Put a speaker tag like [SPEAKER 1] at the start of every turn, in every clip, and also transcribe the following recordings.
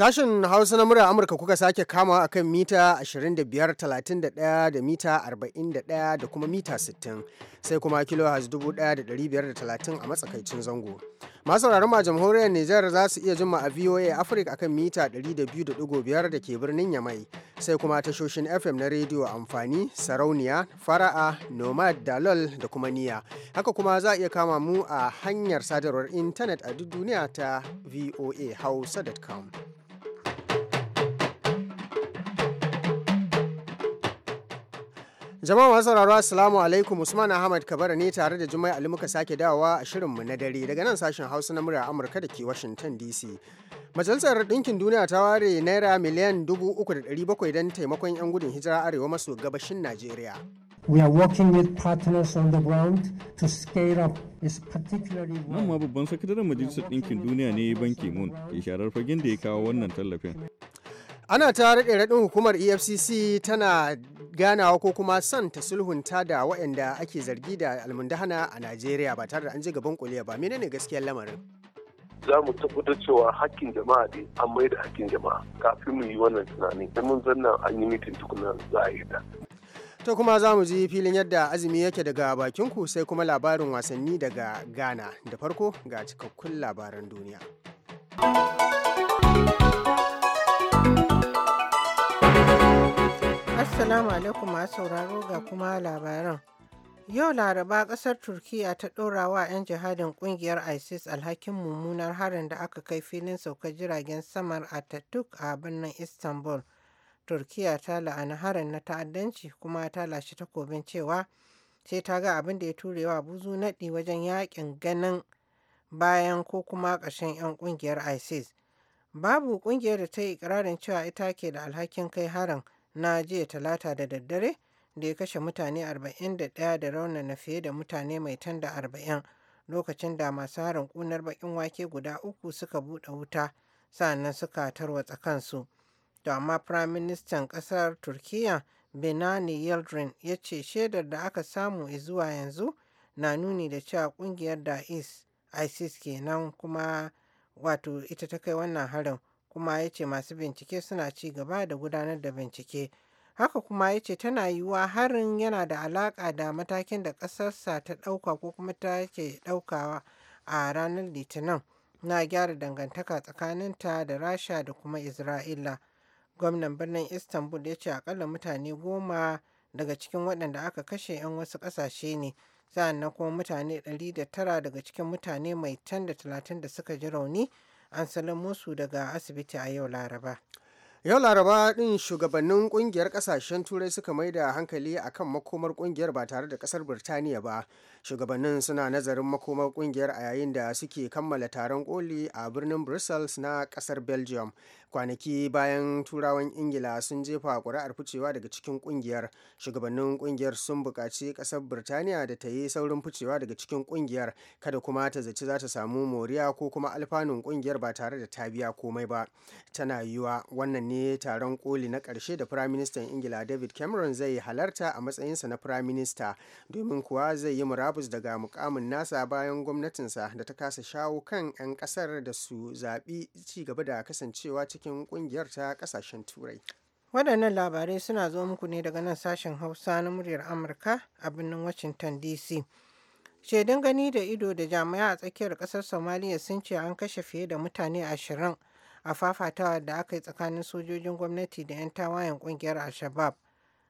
[SPEAKER 1] Sashen Hausa na murya Amurka kuka sake kama a kan mita 25, 31 da mita 41 da kuma mita 60 sai kuma kilohaz 1530 a matsakaicin zango. Masu ma jamhuriyar Nijar za su iya jima a VOA Africa akan mita 200.5 da ke birnin Yamai sai kuma tashoshin FM na rediyo amfani, sarauniya, fara'a, nomad, dalol da kuma niya. Haka kuma za a iya kama mu a hanyar sadarwar intanet a duk duniya ta voahausa.com. Jama'a masu sauraro Assalamu alaikum Usman Ahmad Kabara ne tare da jumai Ali muka sake dawowa a shirinmu na dare daga nan sashen Hausa na murya Amurka da ke Washington DC. Majalisar Ɗinkin Duniya ta ware naira miliyan 3,700 don taimakon 'yan gudun hijira arewa maso gabashin Najeriya.
[SPEAKER 2] We are working with partners on the ground to scale up particularly
[SPEAKER 3] Nan ma babban sakataren Majalisar Ɗinkin Duniya ne Ban Ki-moon ke sharar fagen da ya kawo wannan tallafin.
[SPEAKER 1] Ana ta raɗe raɗin hukumar EFCC tana ganawa ko kuma son ta sulhunta da waɗanda ake zargi da almundahana a Najeriya ba tare da an ji gaban kuliya ba menene gaskiyar lamarin?
[SPEAKER 4] za mu tabbatar cewa hakkin jama'a ne an mai da hakkin jama'a kafin mu yi wannan tunani da mun zanna an yi mitin tukuna za a yi ta.
[SPEAKER 1] To kuma za mu ji filin yadda azumi yake daga bakin ku sai kuma labarin wasanni daga Ghana da farko ga cikakkun labaran duniya.
[SPEAKER 2] Assalamu alaikum masu sauraro ga kuma labaran. Yau Laraba kasar Turkiyya ta ɗora wa 'yan jihadin ƙungiyar ISIS alhakin mummunar harin da aka kai filin saukar jiragen samar a Tatuk a birnin Istanbul. turkiya ta la'ana harin na ta'addanci kuma ta lashe takobin cewa sai ta ga abin da ya ture wa buzu naɗi wajen yaƙin ganin bayan ko kuma ƙarshen 'yan ƙungiyar ISIS. Babu ƙungiyar da ta yi ikirarin cewa ita ke da alhakin kai harin. na jiya talata da daddare da ya kashe mutane 41 da na fiye da mutane mai tanda arba'in lokacin da masu harin kunar bakin wake guda uku suka buɗe wuta sannan suka tarwatsa kansu. To amma Firaministan ƙasar turkiya Benani yeldrin ya ce shaidar da aka samu zuwa yanzu na nuni da cewa ƙungiyar da ISIS kenan kuma wato ita ta kai wannan harin kuma ya ce masu bincike suna ci gaba da gudanar da bincike haka kuma ya ce tana yiwuwa harin yana da alaƙa da matakin da ƙasarsa ta ɗauka ko kuma ta ke ɗaukawa a ranar litinin na gyara dangantaka tsakaninta da rasha da kuma isra'ila gwamnan birnin istanbul ya ce akalla mutane goma daga cikin waɗanda aka kashe 'yan wasu ƙasashe ne sa'an kuma mutane 109 daga cikin mutane mai 10 da talatin da suka ji rauni an salamo su daga asibiti a yau laraba yau laraba din shugabannin
[SPEAKER 1] kungiyar kasashen turai suka mai da hankali a kan makomar kungiyar ba tare da kasar birtaniya ba shugabannin suna nazarin makomar kungiyar a yayin da suke kammala taron koli a birnin brussels na kasar belgium kwanaki bayan turawan ingila sun jefa ƙuri'ar ficewa daga cikin kungiyar shugabannin kungiyar sun buƙaci ƙasar birtaniya da ta yi saurin ficewa daga cikin kungiyar kada kuma ta zaci za ta samu moriya ko kuma alfanun kungiyar ba tare da ta biya komai ba tana yiwuwa wannan ne taron koli na ƙarshe da firaministan ingila david cameron zai halarta a matsayinsa na firaminista domin kuwa zai yi murabus daga mukamin nasa bayan gwamnatinsa da ta kasa shawo kan 'yan ƙasar da su zaɓi ci gaba da kasancewa cikin cikin kungiyar ta kasashen turai
[SPEAKER 2] waɗannan labarai suna zo muku ne daga nan sashen hausa na muryar amurka a birnin washington dc shaidun gani da ido da jami'a a tsakiyar ƙasar somaliya sun ce an kashe fiye da mutane ashirin a fafatawa da aka yi tsakanin sojojin gwamnati da 'yan tawayen ƙungiyar al-shabab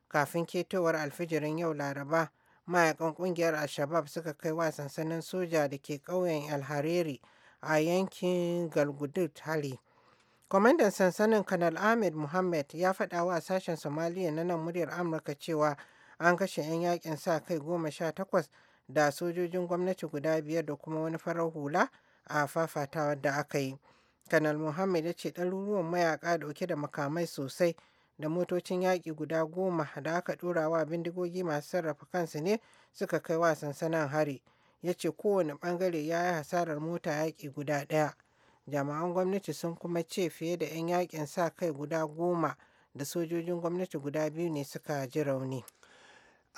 [SPEAKER 2] kafin ketowar alfijirin yau laraba mayakan ƙungiyar al-shabab suka kai wa sansanin soja da ke ƙauyen alhariri a yankin galgudut hali Kwamandan sansanin Kanal Ahmed Mohammed ya faɗa wa sashen Somaliya na nan muryar Amurka cewa an kashe 'yan yakin sa kai goma sha takwas da sojojin gwamnati guda biyar da kuma wani farar hula a fafatawa da aka yi. Kanal Mohammed ya ce ɗaruruwan mayaka ɗauke da makamai sosai da motocin yaƙi guda goma da aka ɗora wa bindigogi masu sarrafa kansu ne suka kai wa sansanin hari. Ya ce kowane ɓangare ya yi hasarar mota yaƙi guda ɗaya. Jami'an gwamnati sun kuma ce fiye da 'yan yakin sa kai guda goma da sojojin gwamnati guda biyu ne suka ji rauni.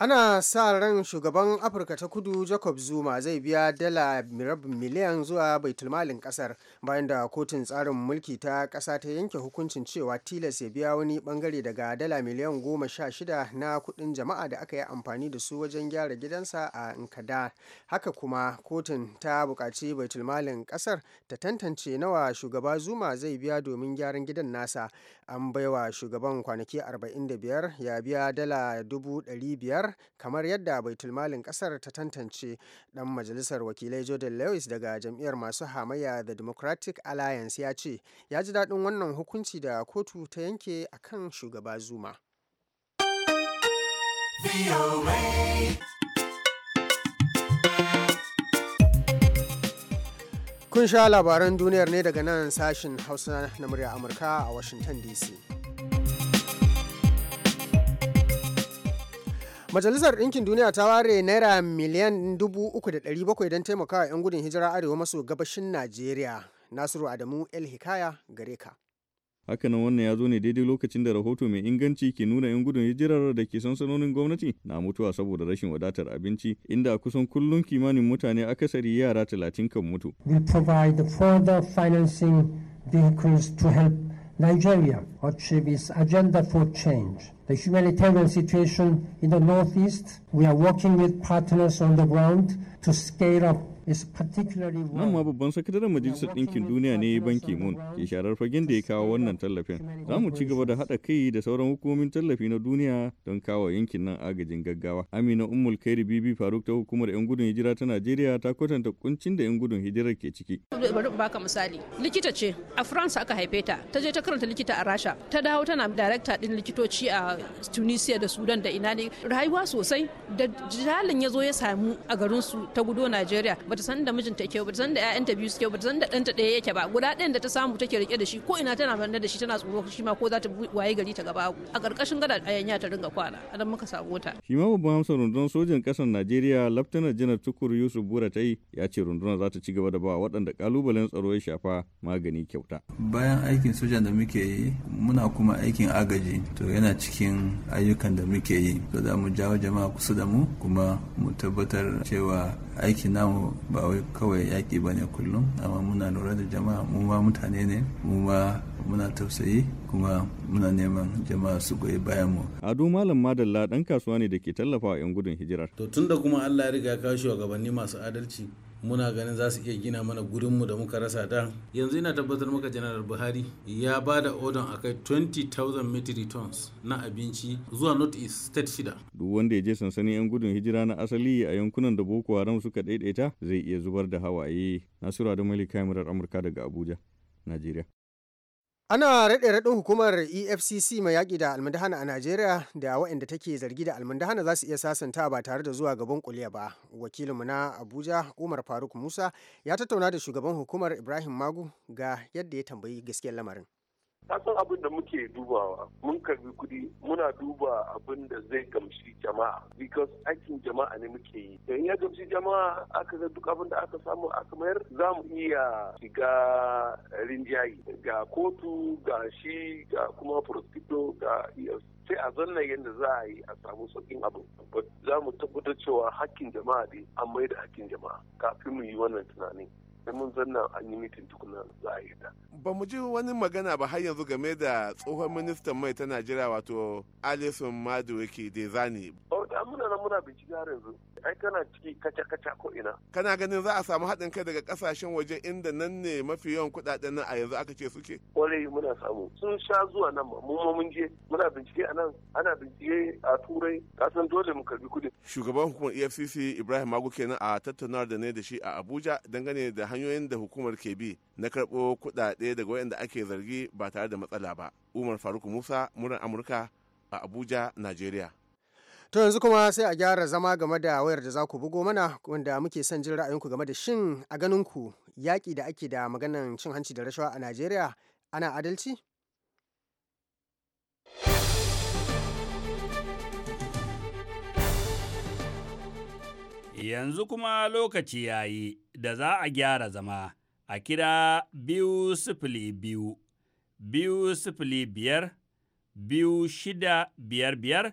[SPEAKER 2] ana sa ran shugaban afirka
[SPEAKER 1] ta kudu jacob zuma zai biya dala miliyan zuwa baitulmalin kasar bayan da kotun tsarin mulki ta kasa ta yanke hukuncin cewa tilas ya biya wani bangare daga dala miliyan goma sha shida na kudin jama'a da aka yi amfani da su wajen gyara gidansa a nkada haka kuma kotun ta bukaci baitulmalin kasar ta tantance nawa shugaba zuma zai biya domin gyaran gidan nasa an baiwa shugaban kwanaki 45 ya biya dala dubu ɗari biyar kamar yadda baitulmalin kasar ta tantance dan majalisar wakilai jordan lewis daga jam'iyyar masu hamayya the democratic alliance ya ce ya ji daɗin wannan hukunci da kotu ta yanke a kan shugaba zuma Kun sha labaran duniyar ne daga nan sashin Hausa na murya Amurka a Washington DC. Majalisar Ɗinkin Duniya ta ware naira miliyan 3,700 don taimakawa 'yan gudun hijira arewa maso gabashin Najeriya. Nasiru Adamu El Hikaya gare ka.
[SPEAKER 3] hakanan wannan ya zo ne daidai lokacin da rahoto mai inganci ke nuna 'yan gudun hijirar da ke sansanonin gwamnati na mutuwa saboda rashin wadatar abinci inda kusan kullum kimanin mutane akasari yara talatin kan mutu.
[SPEAKER 2] We provide further financing vehicles to help Nigeria, its Agenda for Change. The humanitarian situation in the Northeast, we are working with partners on the ground to scale up Nan
[SPEAKER 3] ma babban sakataren Majalisar Ɗinkin Duniya ne Ban kimun ke sharar fagen da ya kawo wannan tallafin. Za mu ci gaba da haɗa kai da sauran hukumomin tallafi na duniya don kawo yankin nan agajin gaggawa. Amina Ummul Kairi Bibi Faruk ta hukumar 'yan gudun hijira ta Najeriya ta kwatanta kuncin da 'yan gudun hijirar ke ciki.
[SPEAKER 5] baka misali. Likita ce a France aka haife ta. Ta je ta karanta likita a Rasha. Ta dawo tana darakta din likitoci a Tunisia da Sudan da ina ne. Rayuwa sosai da jalin ya zo ya samu a garinsu ta gudo Najeriya. bata san da mijinta yake bata san da ƴaƴanta biyu suke bata san da ɗanta ɗaya yake ba guda ɗayan da ta samu take rike da shi ko ina tana banda da shi tana tsoro shi ma ko za ta waye gari ta gaba a ƙarƙashin gada yanya ta ringa kwana adan muka samu ta
[SPEAKER 3] shi ma babban hamsa rundunar sojan ƙasar Najeriya Laftanar Janar Tukur Yusuf Bura ta yi ya ce rundunar za ta ci gaba da ba waɗanda ƙalubalen tsaro ya shafa magani kyauta
[SPEAKER 6] bayan aikin sojan da muke yi muna kuma aikin agaji to yana cikin ayyukan da muke yi to za mu jawo jama'a kusa da mu kuma mu tabbatar cewa aikin namu ba wai kawai yaƙi ba ne kullum amma muna lura da jama'a mu ma mutane ne mu ma muna tausayi kuma muna neman jama'a su goyi
[SPEAKER 3] bayan mu. Ado Malam Madalla dan kasuwa ne da ke tallafa wa 'yan gudun hijirar. To tun da kuma Allah ya riga
[SPEAKER 6] kawo shugabanni masu adalci muna ganin za su iya gina mana gurinmu da muka rasa da
[SPEAKER 7] yanzu ina tabbatar maka janar buhari ya ba da odon a kai 20,000 metric tons na abinci zuwa north east state shida
[SPEAKER 3] duk wanda ya je sansanin yan gudun hijira na asali a yankunan da boko haram suka daidaita zai iya zubar da hawaye nasiru da malika murar amurka daga abuja najeriya
[SPEAKER 1] ana raɗe raɗin hukumar efcc mai yaƙi da almundahana a najeriya da waɗanda take zargi da almundahana za su iya sasanta ba tare da zuwa gaban kuliya ba wakilinmu na abuja umar faruk musa ya tattauna da shugaban hukumar ibrahim magu ga yadda ya tambayi gaskiyar lamarin
[SPEAKER 4] kasan abin da muke dubawa mun karbi kudi muna duba abin da zai gamshi jama'a because aikin jama'a ne muke yi Da ya gamshi jama'a aka ga duk abin da aka samu aka mayar za mu iya shiga rinjaye ga kotu ga shi ga kuma prosecutor ga sai a zanna yadda za a yi a samu sauƙin abin. za mu tabbatar cewa hakkin jama'a ne an mai da hakkin jama'a kafin mu yi wannan tunanin sai mun zanna an yi mitin tukuna za a yi ba mu ji wani magana ba har yanzu game da tsohon ministan mai ta najeriya wato Alison madu yake zani. Oh, muna nan muna bincike har yanzu ai kana ciki kaca kaca ko ina kana ganin za a samu haɗin kai daga kasashen waje inda nan ne mafi yawan kuɗaɗen nan a yanzu aka ce suke kwarai muna samu sun sha zuwa nan mu ma mun je muna bincike a nan ana bincike a turai kasan dole mu karbi kuɗi. shugaban hukumar efcc ibrahim Magu kenan a tattaunawar da ne da shi a abuja dangane da hanyoyin da hukumar ke bi na karɓo kuɗaɗe daga waɗanda ake zargi ba tare da matsala ba umar faruk musa Muran amurka a abuja najeriya
[SPEAKER 1] To yanzu kuma sai a gyara zama game da wayar da za ku bugo mana wanda muke son jin ra'ayinku game da shin a ganin ku yaƙi da ake da maganan cin hanci da rashawa a Najeriya ana adalci?
[SPEAKER 7] Yanzu kuma lokaci ya yi da za a gyara zama a kira biyu sifili biyu, biyu sifili biyar, biyu shida biyar biyar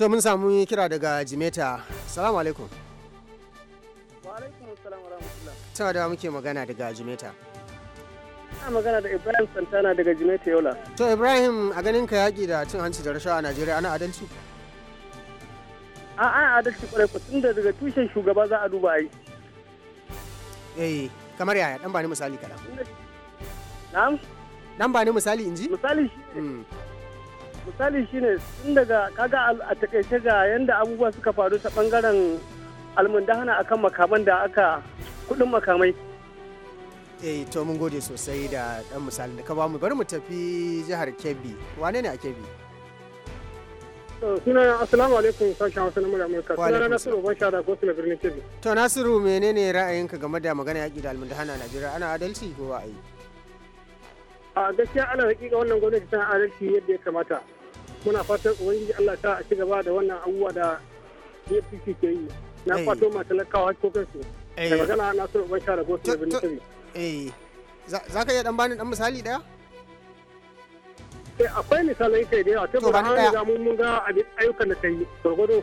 [SPEAKER 1] to mun samu kira daga jimeta salamu alaikum wa da muke magana daga jimeta
[SPEAKER 7] ina magana da ibrahim santana daga jimeta yola
[SPEAKER 1] to ibrahim a ganin ka yaƙi da cin hanci da rashawa a najeriya ana adalci
[SPEAKER 7] A'a an adalci kwarai kwatsun da daga tushen shugaba za a duba yi
[SPEAKER 1] eh kamar yaya dan ba ni misali kada na'am dan ba ni misali inji misali shi misali shine tun daga kaga a takaice ga yanda abubuwa suka faru ta bangaren almundahana akan makaman da aka kudin makamai eh to mun gode sosai da dan misalin da ka bamu bari mu tafi jihar Kebbi wane ne a Kebbi
[SPEAKER 7] suna asalamu alaikum sashen hausa na murya amurka suna nasiru ban sha da gosu birnin kebbi
[SPEAKER 1] to nasiru menene ra'ayinka game da magana yaƙi da almundahana a najeriya ana adalci ko ba a yi
[SPEAKER 7] a gaskiya ana hakika wannan gwamnati ta adalci yadda ya kamata muna fatan ubangiji Allah ta a cigaba da wannan abubuwa da APC ke yi na fato eh. ma talakawa hakkokin su da eh. magana
[SPEAKER 1] na so ban share gosu da bin eh za ka iya dan bani dan misali daya
[SPEAKER 7] eh, akwai misalai kai da yawa ta ba an ga mun ga ayyukan da kai gurgudu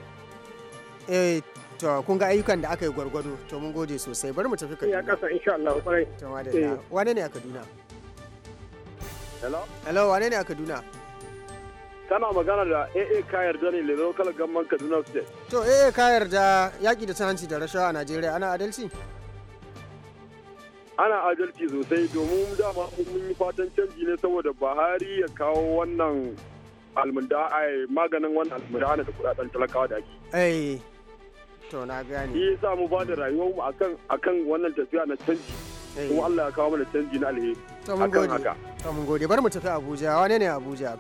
[SPEAKER 1] eh to kun ga ayyukan da aka yi gwargwado to mun gode sosai bari mu tafi Kaduna
[SPEAKER 7] ya kasa insha Allah kwarai to
[SPEAKER 1] wane ne a Kaduna Hello? Hello, wane ne a Kaduna?
[SPEAKER 7] tana magana da AA Kayar da ne Lero Kala Gamman Kaduna State.
[SPEAKER 1] To AA Kayar da yaƙi da sananci da rashawa a Najeriya ana adalci?
[SPEAKER 7] Ana adalci sosai domin dama mun yi fatan canji ne saboda Buhari ya kawo wannan almunda ai maganin wannan almunda ana da kudaden talakawa da ake.
[SPEAKER 1] Eh. To na gane.
[SPEAKER 7] Shi sa mu ba da rayuwa mu akan akan wannan tafiya na canji. kuma eh. Allah ya kawo mana canji na alheri akan haka
[SPEAKER 1] to mun gode bari mu tafi Abuja wane ne Abuja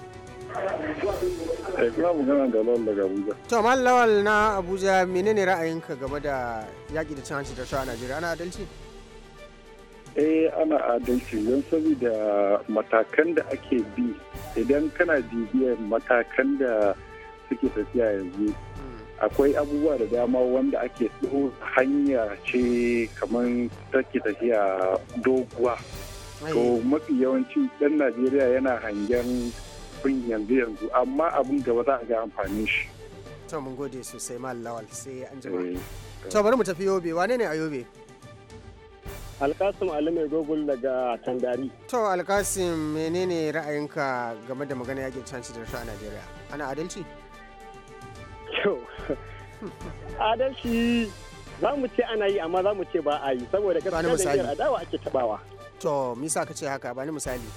[SPEAKER 4] Eh kuma mu gana da lawal daga Abuja
[SPEAKER 1] to mal lawal na Abuja menene ra'ayinka game da yaƙi da cin hanci da a Najeriya ana adalci
[SPEAKER 7] eh ana adalci don saboda matakan da ake bi idan kana bibiyar matakan da suke tafiya yanzu akwai abubuwa da dama wanda ake hanya ce kamar take tafiya doguwa to mafi yawanci ɗan najeriya yana hangen bin yanzu yanzu amma abin gaba za a ga amfanin shi
[SPEAKER 1] to mun gode sosai mal lawal sai an jima eh, eh. to bari mu tafi yobe wane ne a yobe
[SPEAKER 7] alkasim ali gogul daga tandari to
[SPEAKER 1] alkasim menene ra'ayinka game da magana yakin canci da rasha a najeriya ana adalci
[SPEAKER 7] To, adalci za mu ce ana yi amma za mu ce
[SPEAKER 1] ba a yi saboda gaskiya da yar adawa ake tabawa. To, misa ka ce haka bani misali.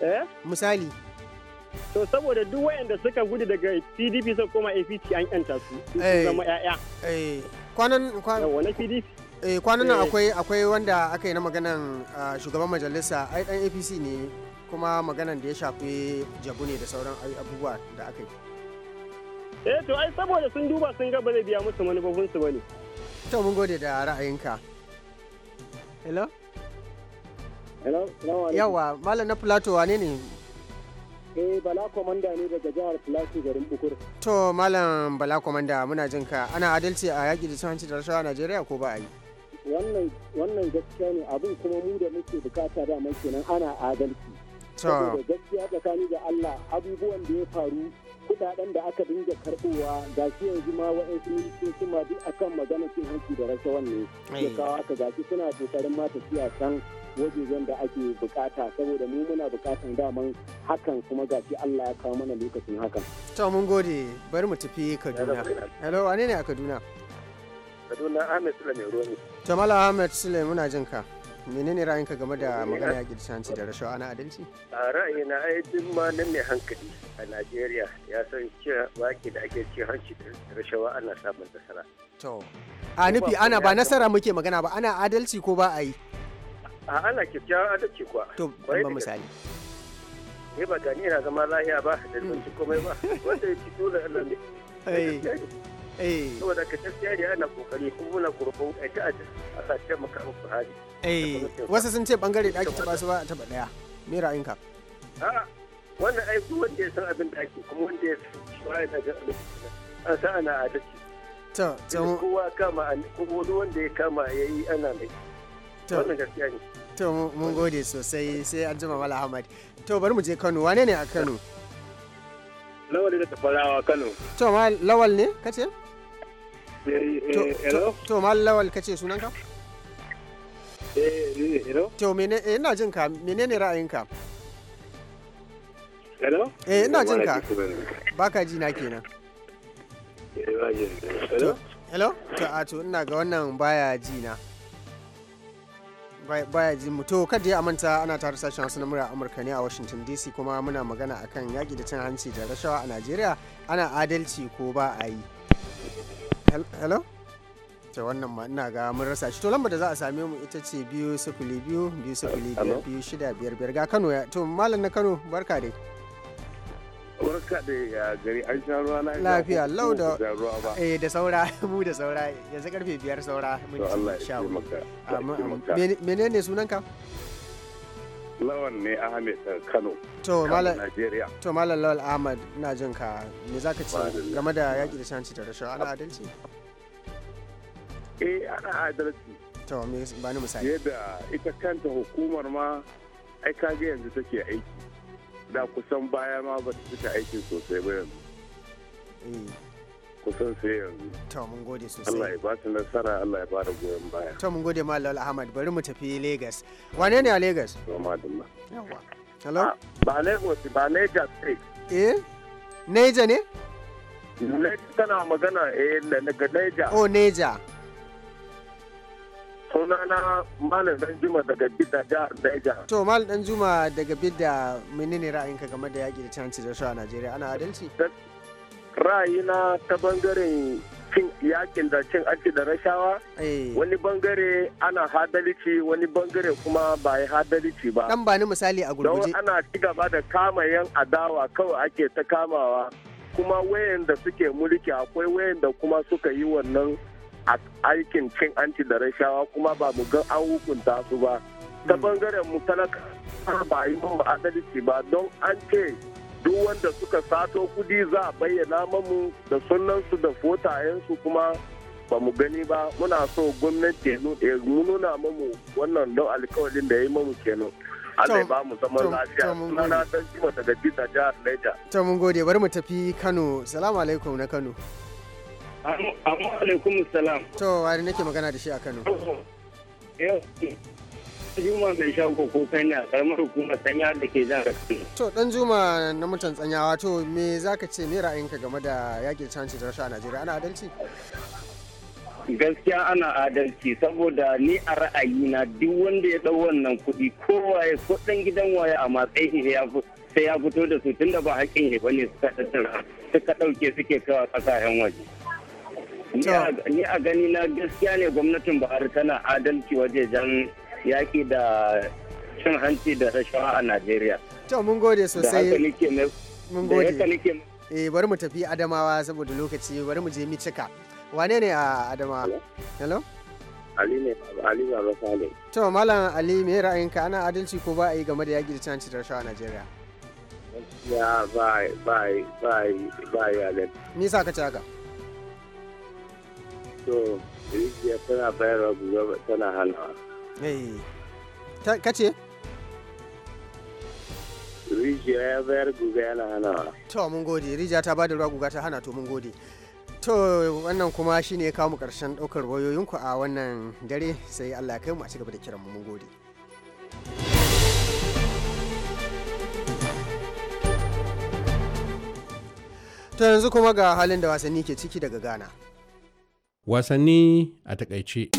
[SPEAKER 1] Eh? Misali. To saboda duk wayanda suka gudu daga PDP sun koma APC an yanta su. zama Eh, kwanan kwanan. PDP. Eh, kwanan nan eh. akwai akwai wanda aka yi na maganan shugaban majalisa ai dan APC ne kuma maganan da ya shafi jabu ne da sauran abubuwa da aka yi.
[SPEAKER 7] eh to ai saboda sun duba sun ga ba zai biya musu manufofinsu su bane
[SPEAKER 1] to mun gode da ra'ayinka hello
[SPEAKER 7] hello yawa malam
[SPEAKER 1] na plato wane ne
[SPEAKER 7] eh bala komanda ne daga jihar plato garin bukur
[SPEAKER 1] to malam bala komanda muna jin ka ana adalci a yaki da cin da rashawa a najeriya ko ba a yi
[SPEAKER 7] wannan wannan gaskiya ne abin kuma mu da muke bukata da mai kenan ana adalci to gaskiya tsakani da allah abubuwan da ya faru kudaden da aka dinga karbowa ga shi yanzu ma wa'yansu ministoci ma duk akan magana cin hanci da rashawan ne ya eh. kawo aka gashi suna kokarin ma tafiya can wajejen da ake bukata saboda mu muna bukatan daman hakan kuma gashi Allah ya kawo mana lokacin hakan.
[SPEAKER 1] To mun gode bari mu tafi Kaduna. Hello wane ne a Kaduna?
[SPEAKER 7] Kaduna Ahmed Sule mai ruwa ne.
[SPEAKER 1] Jamal Ahmed Sule muna jin ka. menene ra'ayinka game da magana yaƙi da hanci da rashawa na adalci
[SPEAKER 7] a ra'ayina ai duk ma nan mai hankali a najeriya ya san cewa baki da ake ci hanci da rashawa ana samun nasara to
[SPEAKER 1] a nufi ana ba nasara muke magana ba ana adalci ko ba a yi
[SPEAKER 7] a ana kyakkyawan adalci kuwa
[SPEAKER 1] to ba misali
[SPEAKER 7] ne eh, ba gani yana zama lahiya ba da komai ba wanda ya ci dole Allah ne Eh. saboda ka gaskiya ne ana kokari kuma muna gurbin a ta a sa taimaka muku hali
[SPEAKER 1] eh, wasu sun ce bangare da ake taba su ba a taba daya me ra'ayinka
[SPEAKER 7] a wannan ai wanda ya san abin da ake kuma wanda ya san cewa yana ga an sa ana adalci to to kowa kama an kuma wanda ya kama ya yi ana mai wannan gaskiya ne
[SPEAKER 1] to mun gode sosai sai an jima mala ahmad to bari mu je kano wane ne a kano
[SPEAKER 7] lawal da tafarawa kano
[SPEAKER 1] to ma lawal ne kace
[SPEAKER 7] to eh,
[SPEAKER 1] eh, mallawal kace sunanka
[SPEAKER 6] eh,
[SPEAKER 1] to mene ina jin ka menene ra'ayinka
[SPEAKER 7] hello eh
[SPEAKER 1] ina jin ka baka ji na kenan hello to a to ina ga wannan baya ji na baya ji mu to kada ya amanta ana tare sashen wasu na murya amurka ne a washington dc kuma muna magana akan yaƙi da cin hanci da rashawa a najeriya ana adalci ko ba a yi hello ta wannan ma ina ga mun rasa shi to lambar da za a same mu ita ce biyu sifili biyu biyu sifili biyar biyu shida biyar biyar ga kano ya to malam na kano barka dai
[SPEAKER 7] barka da gari an sha ruwa na
[SPEAKER 1] lafiya lau da eh da saura mu da saura yanzu karfe biyar saura mun ci sha menene sunanka
[SPEAKER 7] Lawan ne Ahmed Kano. To Malam nigeria
[SPEAKER 1] To Malam Lawal Ahmed na jin ka me zaka ce game da yaki da shanci da rashawa ana adalci?
[SPEAKER 7] Eh ana adalci. To me ba ni misali. Yadda ita kanta hukumar ma ai kage yanzu take aiki. Da kusan baya ma ba ta fita aikin sosai ba yanzu. Eh. kusan sai yanzu. To mun gode sosai. Allah ya ba su nasara Allah ya ba da goyon baya.
[SPEAKER 1] To mun gode Malam Ahmad bari mu tafi Lagos. Wane ne a Lagos?
[SPEAKER 7] Yawa. Hello? Ah, ba Lagos ba Niger State. Eh? Niger ne? Niger tana magana eh daga Niger.
[SPEAKER 1] Oh Niger.
[SPEAKER 7] sunana malam danjuma daga bidda jihar Niger.
[SPEAKER 1] to malam danjuma daga bidda menene ra'ayinka game da yaƙi da canci da su a najeriya ana adalci
[SPEAKER 7] ra'ayina ta bangaren cin yakin da cin ake da rashawa eh. wani bangare ana hadalici wani bangare kuma ba ya hadalici ba dan
[SPEAKER 1] bani misali a gurguje don
[SPEAKER 7] ana ci gaba da kama yan adawa kawai ake ta kamawa kuma wayan da suke mulki akwai wayan da kuma suka yi wannan aikin cin anti da rashawa kuma ba mu ga an hukunta su ba ta hmm. bangaren mu talaka ba yi ba adalci ba don an ce duk wanda suka sato kudi za a bayyana mamu da sunansu da fotayensu kuma ba mu gani ba muna so gwamnati ya nuna mamu wannan don alkawalin da ya yi mamu kenan Allah ba mu zaman lafiya sunana dan jima daga bisa jihar Niger to
[SPEAKER 1] mun gode bari mu tafi Kano salamu alaikum na Kano
[SPEAKER 7] Assalamu alaikum salam
[SPEAKER 1] to wani nake
[SPEAKER 7] magana da shi a Kano Juma mai shago ko kaina karamar hukumar tsanya da ke jihar Kano.
[SPEAKER 1] To dan Juma na mutan tsanyawa to me zaka ce me ra'ayinka game da yakin canci da rasha a Najeriya ana adalci?
[SPEAKER 7] gaskiya ana adalci saboda ni a ra'ayina duk wanda ya ɗau wannan kuɗi kowaye ɗan gidan waya a matsayin ya sai ya fito da su tunda ba haƙƙin ya bane suka tattara suka ɗauke suke kawa ƙasashen waje. Ni a gani na gaskiya ne gwamnatin Buhari tana adalci waje jan. Yaki da cin hanci da rashawa a Najeriya.
[SPEAKER 1] To mun gode sosai. Mun gode. Eh bari mu tafi Adamawa saboda lokaci bari mu je mi cika. Wane ne a Adamawa? Hello?
[SPEAKER 7] Ali ne Ali Baba Sale.
[SPEAKER 1] To Malam Ali me ra'ayinka ana adalci ko ba a yi game da yaki da cin hanci da rashawa a Najeriya?
[SPEAKER 7] Ya ba ba ba ba ya da.
[SPEAKER 1] Ni sa ka ci haka.
[SPEAKER 7] To, rijiya tana bayarwa tana hanawa.
[SPEAKER 1] Eh. kace
[SPEAKER 7] rijiya ya bayar guga yana hana
[SPEAKER 1] to mun gode rijiya ta da ruwa guga ta hana to mun gode to wannan kuma shine kawo mu karshen daukar wayoyinku a wannan dare sai Allah ya kai mu a cigaba da kiran mu mun gode to yanzu kuma ga halin da wasanni ke ciki daga Ghana
[SPEAKER 2] wasanni a takaice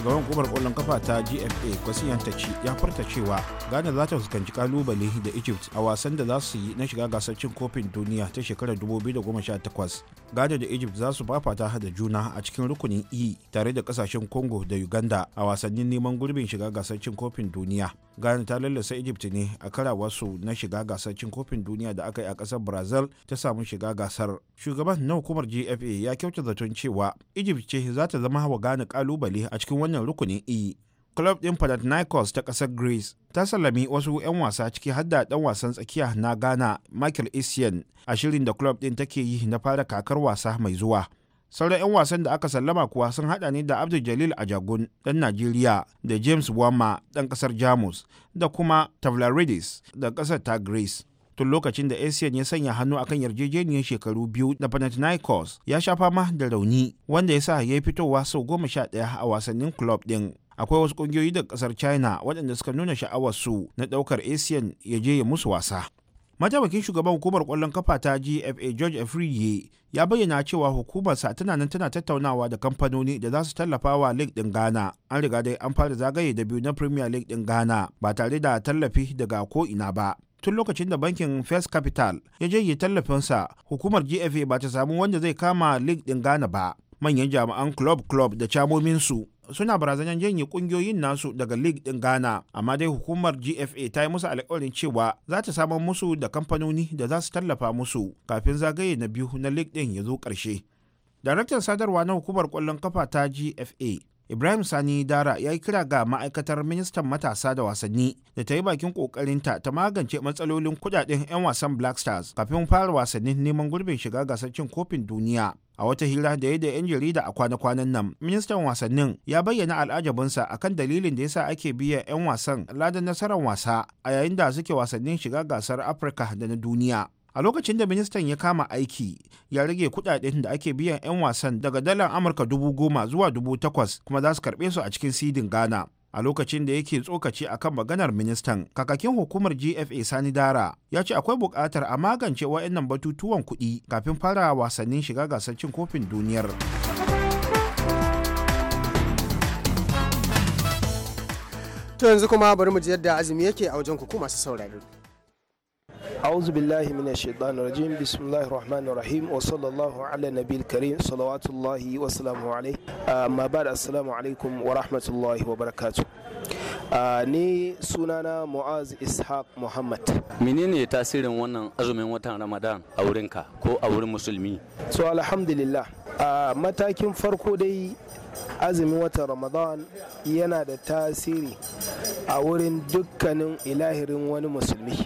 [SPEAKER 8] shugaban hukumar kwallon kafa ta gfa kwasi yantaci ya furta cewa ghana za ta fuskanci kalubale da egypt a wasan da za su yi na shiga gasar cin kofin duniya ta shekarar 2018 Ghana da Egypt za su fafata da juna a cikin rukunin E tare da kasashen Congo da Uganda a wasannin neman gurbin shiga gasar cin kofin duniya. Ghana ta lallasa Egypt ne a wasu na shiga gasar cin kofin duniya da aka yi a kasar Brazil ta samu shiga gasar. Shugaban na hukumar GFA ya kyauta zaton cewa Egypt ce za ta zama wa Ghana kalubale a cikin wannan rukunin E. club ɗin panathinaikos ta ƙasar greece ta sallami wasu 'yan wasa ciki har da ɗan wasan tsakiya na ghana michael essien a shirin da club ɗin take yi na fara kakar wasa mai zuwa sauran 'yan wasan da aka sallama kuwa sun hada ne da abdul jalil ajagun ɗan najeriya da james wama ɗan ƙasar jamus da kuma tavlaridis da ƙasar ta greece tun lokacin da Essien ya sanya hannu akan yarjejeniyar shekaru biyu da Panathinaikos ya sha fama da rauni wanda ya sa ya fitowa sau goma sha ɗaya a wasannin club ɗin. akwai wasu kungiyoyi daga kasar china waɗanda suka nuna sha'awar su na ɗaukar asian ya je ya musu wasa matabakin shugaban hukumar kwallon kafa ta gfa george afriye ya bayyana cewa hukumarsa tana nan tana tattaunawa da kamfanoni da za su tallafa wa league din ghana an riga dai an fara zagaye da biyu na premier league din ghana ba tare da tallafi daga ko ina ba tun lokacin da bankin first capital ya tallafin tallafinsa hukumar gfa ba ta samu wanda zai kama league din ghana ba manyan jami'an club club da camomin su. suna barazanar janye kungiyoyin nasu daga league din ghana amma dai hukumar gfa ta yi musu alkawarin cewa za ta samar musu da kamfanoni da za su tallafa musu kafin zagaye na biyu na league din ya zo karshe daraktan sadarwa na hukumar kwallon kafa ta gfa ibrahim sani dara ya yi kira ga ma'aikatar ministan matasa da wasanni da ta yi bakin kokarinta ta magance matsalolin kudaden 'yan wasan black stars kafin fara wasannin neman gurbin shiga gasar cin kofin duniya a wata hira da ya da 'yan jarida a kwana-kwanan nan ministan wasannin ya bayyana al'ajabinsa akan dalilin da yasa ake biya 'yan wasan ladan nasarar wasa a yayin da suke wasannin shiga gasar afirka da na duniya a lokacin da ministan ya kama aiki ya rage kudaden da ake biyan 'yan wasan daga dalar amurka dubu goma zuwa dubu takwas kuma za su karbe su a cikin sidin ghana a lokacin da yake tsokaci a kan maganar ministan kakakin hukumar gfa sani dara ya ce akwai buƙatar a magance wa'annan batutuwan kuɗi kafin fara wasannin shiga gasar cin kofin duniyar
[SPEAKER 1] to yanzu kuma bari mu ji yadda azumi yake a wajen ku masu saurari
[SPEAKER 6] أعوذ بالله من الشيطان الرجيم بسم الله الرحمن الرحيم وصلى الله على النبي الكريم صلوات الله وسلامه عليه ما بعد السلام عليكم ورحمة الله وبركاته ni sunana mu'az ishaq
[SPEAKER 3] muhammad menene tasirin wannan azumin watan ramadan a wurinka ko a wurin musulmi
[SPEAKER 6] so alhamdulillah a uh, matakin farko dai azumin watan ramadan yana da tasiri a wurin dukkanin ilahirin wani musulmi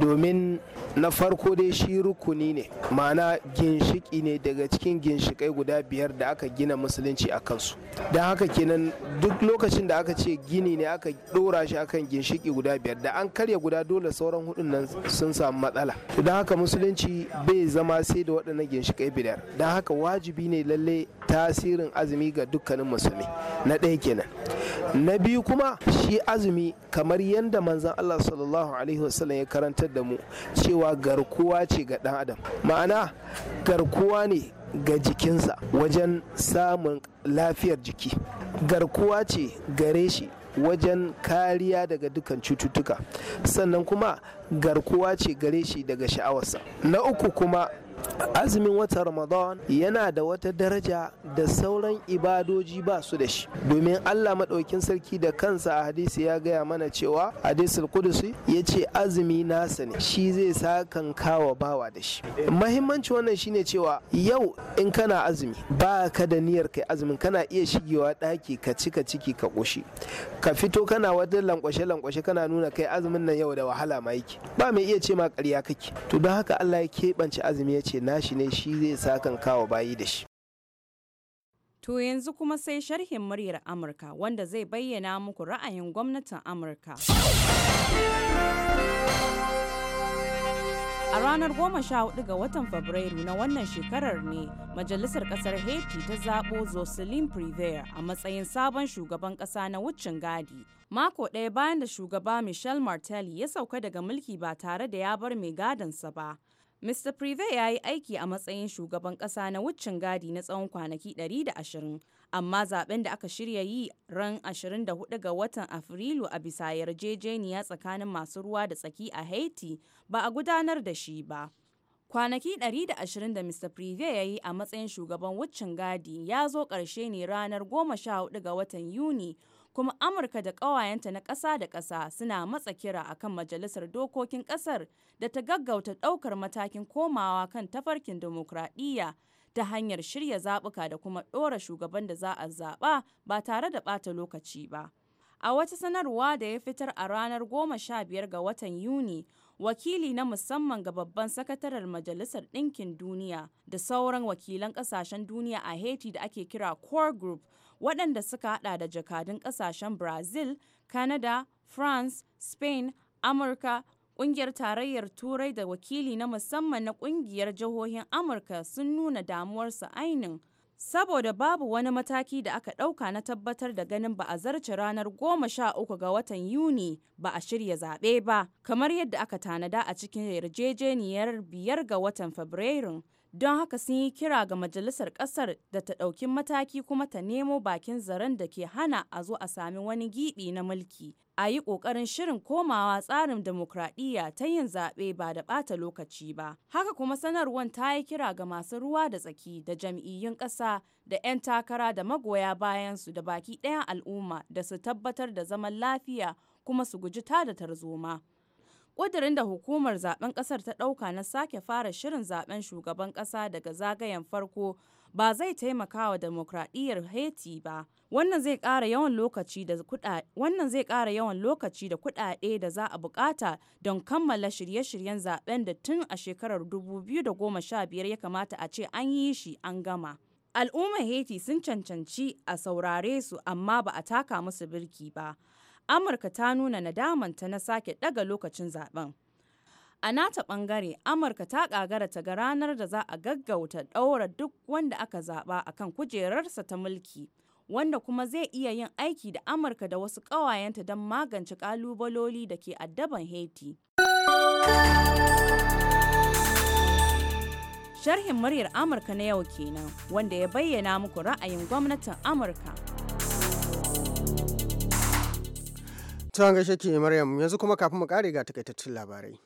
[SPEAKER 6] domin na farko dai shi rukuni ne ma'ana ginshiki ne daga cikin ginshikai guda biyar da aka gina musulunci a kansu don haka kenan duk lokacin da aka ce gini ne aka dora shi akan ginshiki guda biyar da an karya guda dole sauran hudun nan sun samu matsala don haka musulunci bai zama sai da waɗannan ginshikai biyar don haka wajibi ne lalle tasirin azumi ga dukkanin musulmi na ɗaya kenan na biyu kuma shi azumi kamar yadda manzon Allah sallallahu alaihi wasallam ya karantar da mu cewa cewa garkuwa ce ga ɗan adam ma'ana garkuwa ne ga jikinsa wajen samun lafiyar jiki garkuwa ce gare shi wajen kariya daga dukan cututtuka sannan kuma garkuwa ce gare shi daga sha'awarsa na uku kuma azumin watan ramadan yana da wata daraja da sauran ibadoji ba su da shi domin allah maɗaukin sarki da kansa a hadisi ya gaya mana cewa hadisul kudusi ya ce azumi nasa ne shi zai sa kan kawa bawa da shi mahimmanci wannan shine cewa yau in kana azumi ba ka da niyyar kai azumin kana iya shigewa ɗaki ka cika ciki ka ƙoshi ka fito kana wata lankwashe lankwashe kana nuna kai azumin nan yau da wahala ma yake ba mai iya ce ma ƙarya kake to don haka allah ya keɓance azumi ya ce nashi ne shi zai sakan kawo bayi da shi
[SPEAKER 5] To yanzu kuma sai sharhin muryar Amurka wanda zai bayyana muku ra'ayin gwamnatin Amurka. A ranar 14 ga watan Fabrairu na wannan shekarar ne, Majalisar Kasar Haiti ta zaɓo Jocelyn Prevere a matsayin sabon shugaban ƙasa na wuccin gadi. Mako ɗaya bayan da shugaba Michel Martelly ya sauka daga mulki ba tare da ya bar mai gadansa ba. Mr. Prive ya yi aiki a matsayin shugaban ƙasa na wuccin gadi na tsawon kwanaki 120, amma zaben da aka shirya yi ran 24 ga watan Afrilu a bisa yarjejeniya tsakanin masu ruwa da tsaki a Haiti ba a gudanar da shi ba. Kwanaki 120 da Mr. Prive ya yi a matsayin shugaban wuccin gadi ya zo ƙarshe ne ranar 14 ga watan Yuni kuma Amurka da ƙawayenta na ƙasa da ƙasa suna matsa kira a kan Majalisar Dokokin ƙasar da ta gaggauta ɗaukar matakin komawa kan tafarkin dimokuraɗiyya ta hanyar shirya zaɓuka da kuma ɗora shugaban da za a zaɓa ba tare da ɓata lokaci ba. A wata sanarwa da ya fitar a ranar 15 ga watan Yuni, wakili na musamman ga babban sakataren Majalisar Ɗinkin Duniya da sauran wakilan ƙasashen duniya a Haiti da ake kira Core Group waɗanda suka haɗa da jakadun ƙasashen Brazil, Canada, France, Spain, Amurka, Ƙungiyar Tarayyar Turai da wakili na musamman na Ƙungiyar Jihohin Amurka sun nuna damuwarsu ainin saboda babu wani mataki da aka ɗauka na tabbatar da ganin ba a zarce ranar goma sha uku ga watan yuni ba a shirya zaɓe ba kamar yadda aka tanada a cikin yarjejeniyar biyar ga watan fabrairun don haka sun yi kira ga majalisar kasar da ta ɗauki mataki kuma ta nemo bakin zaren da ke hana a zo a sami wani giɓi na mulki a yi ƙoƙarin shirin komawa tsarin demokradiyya ta yin zaɓe ba da ɓata lokaci ba haka kuma sanarwar ta yi kira ga masu ruwa da tsaki da jam'iyyun ƙasa da 'yan takara da magoya bayansu da baki ɗayan al'umma da su tabbatar da zaman lafiya kuma su guji tada tarzoma. ƙudurin da hukumar zaben ƙasar ta ɗauka na sake fara shirin zaben shugaban ƙasa daga zagayen farko ba zai taimaka wa demokradiyyar Haiti ba. Wannan zai ƙara yawan lokaci da kuɗaɗe da za a buƙata don kammala shirye-shiryen zaben da tun a shekarar 2015 ya kamata a ce an yi shi an gama. Al'ummar Haiti sun cancanci a saurare su amma ba a taka musu birki ba. amurka ta nuna nadamanta na sake daga lokacin zaben a nata bangare amurka ta kagara ta ga ranar da za a gaggauta daura duk wanda aka zaba akan kujerarsa ta mulki wanda kuma zai iya yin aiki da amurka da wasu kawayenta don magance kalubaloli da ke addaban haiti sharhin muryar amurka na yau kenan wanda ya bayyana muku ra'ayin gwamnatin amurka
[SPEAKER 1] Tuwon gaishe ke Maryam yanzu kuma kafin mu kare ga takaitattun labarai.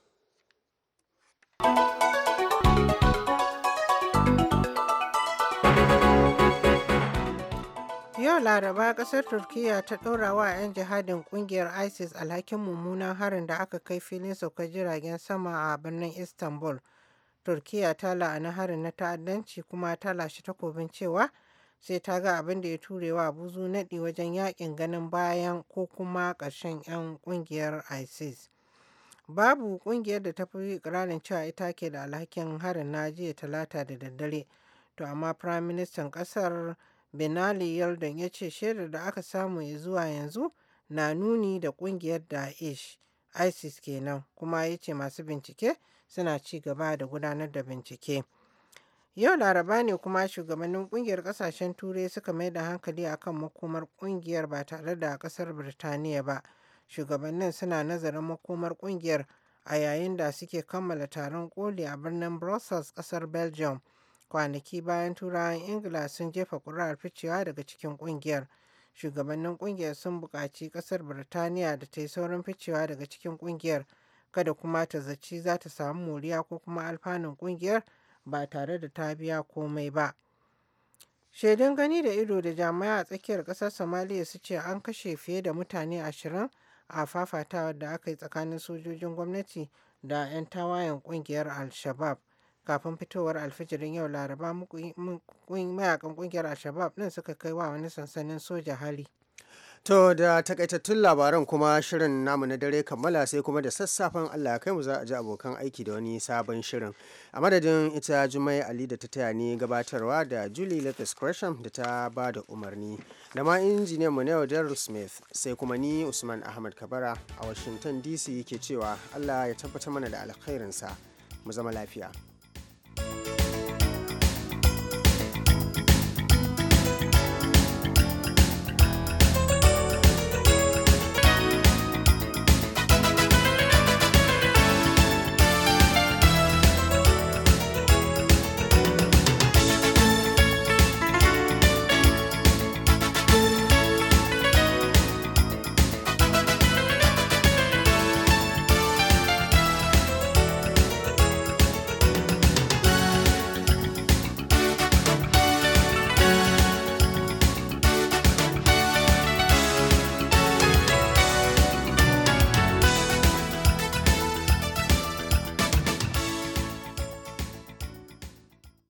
[SPEAKER 2] Yau Laraba kasar Turkiyya ta ɗora wa 'yan jihadin ƙungiyar ISIS alhakin mummunan harin da aka kai filin saukar jiragen sama a birnin Istanbul. Turkiyya ta la'ana harin na ta'addanci kuma ta lashe takobin cewa sai ta ga abin da ya ture wa buzu nadi wajen yakin ganin bayan ko kuma ƙarshen 'yan kungiyar isis babu kungiyar da ta fi ƙirarin cewa ita ke da alhakin harin na jiya talata da daddare to amma prime ministan kasar benali yaldon ya ce shaidar da aka samu ya zuwa yanzu na nuni da kungiyar daesh isis kenan kuma ya ce masu bincike suna ci gaba da gudanar da bincike. Yau Laraba ne kuma shugabannin kungiyar kasashen Turai suka mai da hankali akan makomar kungiyar ba tare da kasar Birtaniya ba. Shugabannin suna nazarin makomar kungiyar a yayin da suke kammala taron koli a birnin Brussels kasar Belgium. Kwanaki bayan Turawan Ingila sun jefa ƙuri'ar ficewa daga cikin kungiyar. Shugabannin kungiyar sun buƙaci kasar Birtaniya da ta yi saurin ficewa daga cikin kungiyar kada kuma ta zaci za ta samu moriya ko kuma alfanun kungiyar ba tare da ta biya komai ba. Shaidun gani da ido da jami'a a tsakiyar ƙasar Somaliya su ce an kashe fiye da mutane ashirin a fafatawar da aka yi tsakanin sojojin gwamnati da 'yan tawayen ƙungiyar Al-Shabab. Kafin fitowar alfijirin yau Laraba mayakan ƙungiyar Al-Shabab ɗin suka kai wa wani sansanin soja hali.
[SPEAKER 1] To da takaitattun labaran kuma shirin namu na dare kammala sai kuma da sassafen Allah kai mu za a ji abokan aiki da wani sabon shirin. A madadin ita Jumai Ali da ta taya ni gabatarwa da Julie Lopez Gresham da ta ba da umarni. Da ma injiniyan mu yau Daryl Smith sai kuma ni Usman Ahmad Kabara a Washington DC ke cewa Allah ya tabbatar mana da alkhairinsa. Mu zama lafiya.